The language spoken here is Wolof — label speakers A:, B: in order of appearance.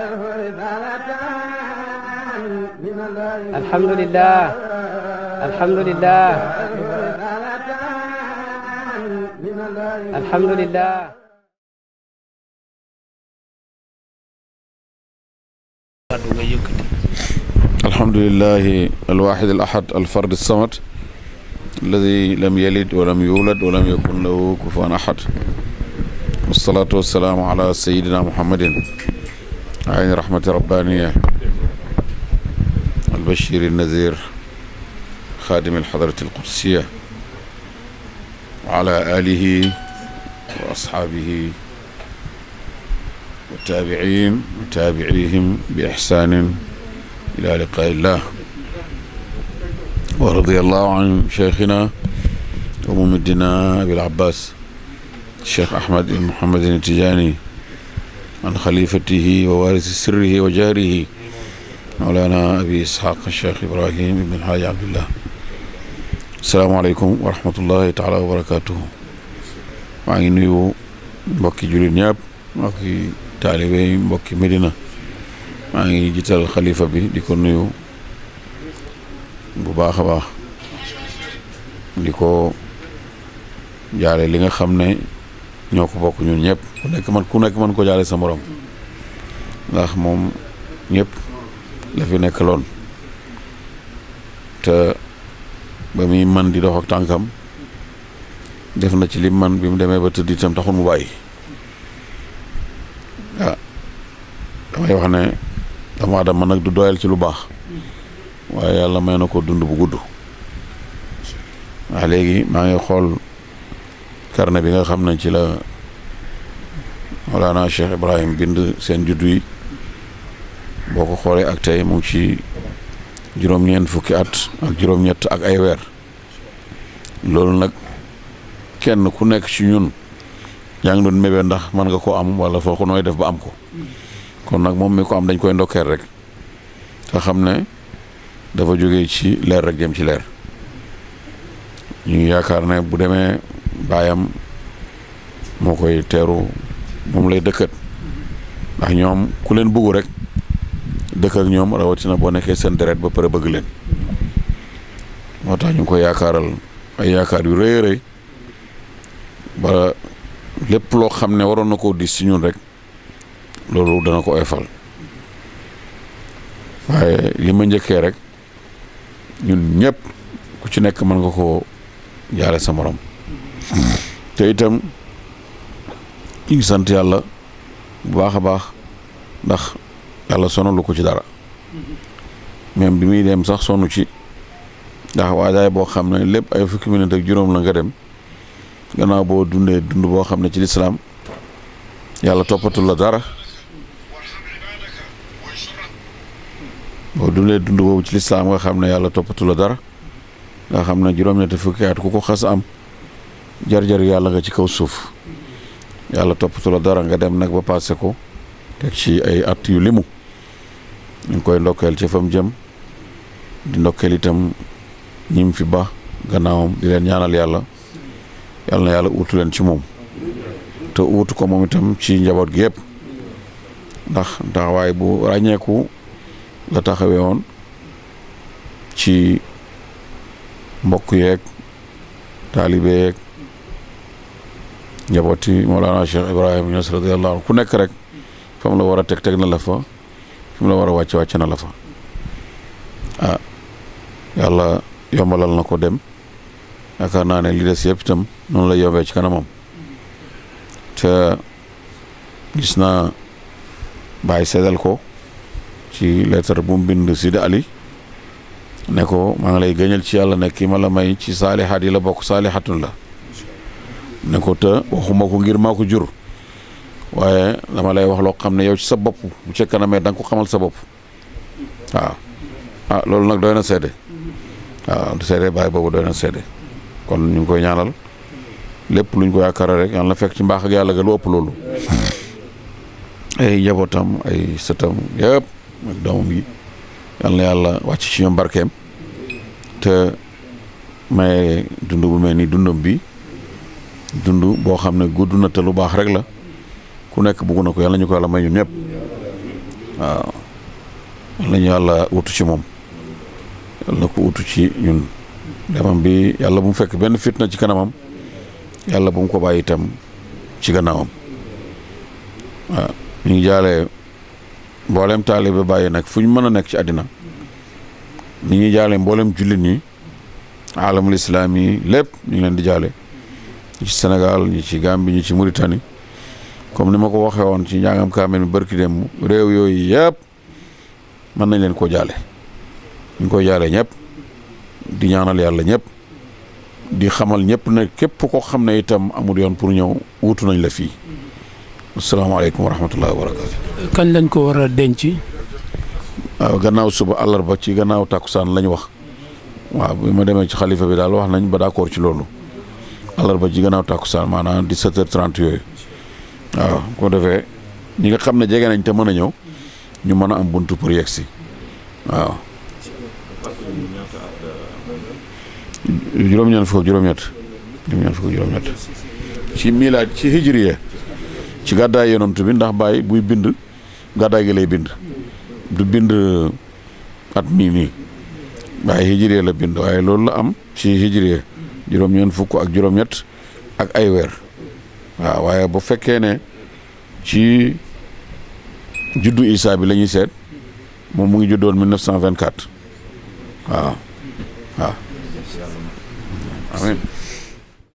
A: alhamdulilah alhamdulilah alhamdulilah. alhamdulilah alwaahid alahad alfard alsamad alladi lam yalid wa lam yuulad wa lam yakun lahu kufuwan ahad wasalaatu wasalaamu ala sayidina muhammadin عين رحمة ربانية البشير النذير خادم الحضرة القدسية وعلى آله وأصحابه والتابعين وتابعيهم بإحسان إلى لقاء الله ورضي الله عن شيخنا وممدنا أبي العباس الشيخ أحمد بن محمد التجاني an xalifatihi wa waarisi sirrihi wa jaarihi mawlaana abi isxaaq cheikh ibrahim ibn alhaaji abdillah asalaamaaleykum wa rahmatullahi taala wa barakatuhu maa ngi nuyu mbokki jullit ñëpp mbokki taalibe yi mbokki Medina maa ngi jiital xalifa bi di ko nuyu bu baax a baax di ko jaale li nga xam ne ñoo ko bokk ñun ñëpp ku nekk man ku nekk mën ko jaale sa morom ndax moom ñépp la fi nekk loon te ba muy man di dox ak tànkam def na ci lim man bi mu demee ba tëdd itam taxul mu bàyyi ah damay wax ne doomu aadama nag du doyal ci lu baax waaye yàlla may na ko dund bu gudd waaw léegi maa ngi xool carnet bi nga xam ne ci la Mawlana Cheikh Ibrahim bind seen juddu boo ko xoolee ak tey mu ci juróom at ak juróom ak ay weer loolu nag kenn ku nekk ci ñun yaa ngi doon mébé ndax mën nga ko am wala foo nooy def ba am ko kon nag moom mi ko am dañ koy ndokkeel rek te xam ne dafa jóge ci leer rek jëm ci leer ñu yaakaar ne bu demee baayam moo koy teeru moom lay dëkkat ndax ñoom ku leen bugg rek dëkk ak ñoom rawatina boo nekkee seen deret ba pare bëgg leen moo tax ñu ngi ko yaakaaral ay yaakaar yu rëy rëy ba lépp loo xam ne waroon na koo dis si ñun rek loolu dana ko oyofal waaye li ma njëkkee rek ñun ñépp ku ci nekk mën nga koo jaale sa moroom te itam ñu sant yàlla bu baax a baax ndax yàlla sonalu ko ci dara même bi muy dem sax sonu ci ndax waajaay boo xam ne lépp ay fukki minute ak juróom la nga dem gannaaw boo dundee dund boo xam ne ci lislaam yàlla toppatul dara boo dundee dund boobu ci lislaam nga xam ne yàlla toppatul la dara nga xam ne juróom-ñetti fukki at ku ko xas am jar-jar yàlla nga ci kaw suuf yàlla toppatu la dara nga dem nag ba passé ko teg ci ay at yu limu ñu koy ndokkeel ci fam jëm di ndokkeel itam ñim fi ba gannaawam di leen ñaanal yàlla yàlla na yàlla uutu leen ci moom te uutu ko moom itam ci njaboot gi yëpp ndax taxawaay bu ràññeeku la taxawee woon ci mbokk yeeg taalibe yeeg njabooti Mawlana Cheikh Ibrahim Niass radiyallahu anhu ku nekk rek fa la war a teg teg na la fa fi la war a wàcce wàcce na la fa ah yàlla yombalal na ko dem yaakaar naa ne li des yëpp itam noonu la yombee ci kanamam te gis naa bàyyi seddal ko ci lettre bu mu bind Sidi Ali ne ko maa ngi lay gëñal ci yàlla ne kii ma la may ci saalihaat yi la bokk saalihaatun la ne ko te waxuma ko ngir maa ko jur waaye dama lay wax loo xam ne yow ci sa bopp bu ca kanamee da nga ko xamal sa bopp waaw ah loolu nag doy na seede waaw seede bàyyi boobu doy na seede kon ñu koy ñaanal lépp luñ ko yaakaara rek yàlla na fekk ci mbaax ak yàlla ga lu ëpp loolu hmm. ay njabootam ay sëtam yëpp ak doomam yi yàlla na yàlla wàcc ci ñoom barkeem te may dund ni dundam bi dund boo xam ne gudd na te lu baax rek la ku nekk bugg na ko yàlla ñu ko yàlla may ñun ñëpp waaw yàlla ñu yàlla wutu ci moom yàlla ko wutu ci ñun demam bi yàlla bu mu fekk benn na ci kanamam yàlla bu mu ko bàyyi itam ci gannaawam waaw ñu ngi jaale mboolem taalibe bàyyi nag fu ñu mën a nekk ci àddina ni ñuy jaale mboolem jullit ñi alamul islaam yi lépp ñu ngi leen di jaale ñu ci Sénégal ñu ci Gambie ñu ci Mauritanie comme ni ma ko waxee woon ci njàngam kaamel mi barki dem réew yooyu yëpp mën nañ leen koo jaale ñu koy jaale ñëpp di ñaanal yàlla ñëpp di xamal ñëpp nag képp ko xam ne itam amul yoon pour ñëw wutu nañ la fii asalaamaaleykum wa rahmatullahi wa kañ lañ ko war denc. waaw gannaaw suba àllarba ci gannaaw tàkkusaan lañ wax waaw bi ma demee ci xalifa bi daal wax nañ ba d'accord ci loolu. àllarba ci gannaaw tàkkusaan maanaam di h 30 yooyu waaw ko defee ñi nga xam ne jege nañ te mën a ñëw ñu mën a am bunt pour yegg si waaw. juróom-ñeent fukk juróom-ñett juróom-ñeent juróom-ñett ci milaad ci hijriya ci gàddaay yonent bi ndax bàyyi buy bind gàddaay gi lay bind du bind at mii nii bàyyi hijriya la bind waaye loolu la am ci hijriya juróom-ñeent fukk ak juróom-ñett ak ay weer waaw waaye bu fekkee ne ci juddu Isaa bi la seet moom mu ngi juddoon 1924 waaw waaw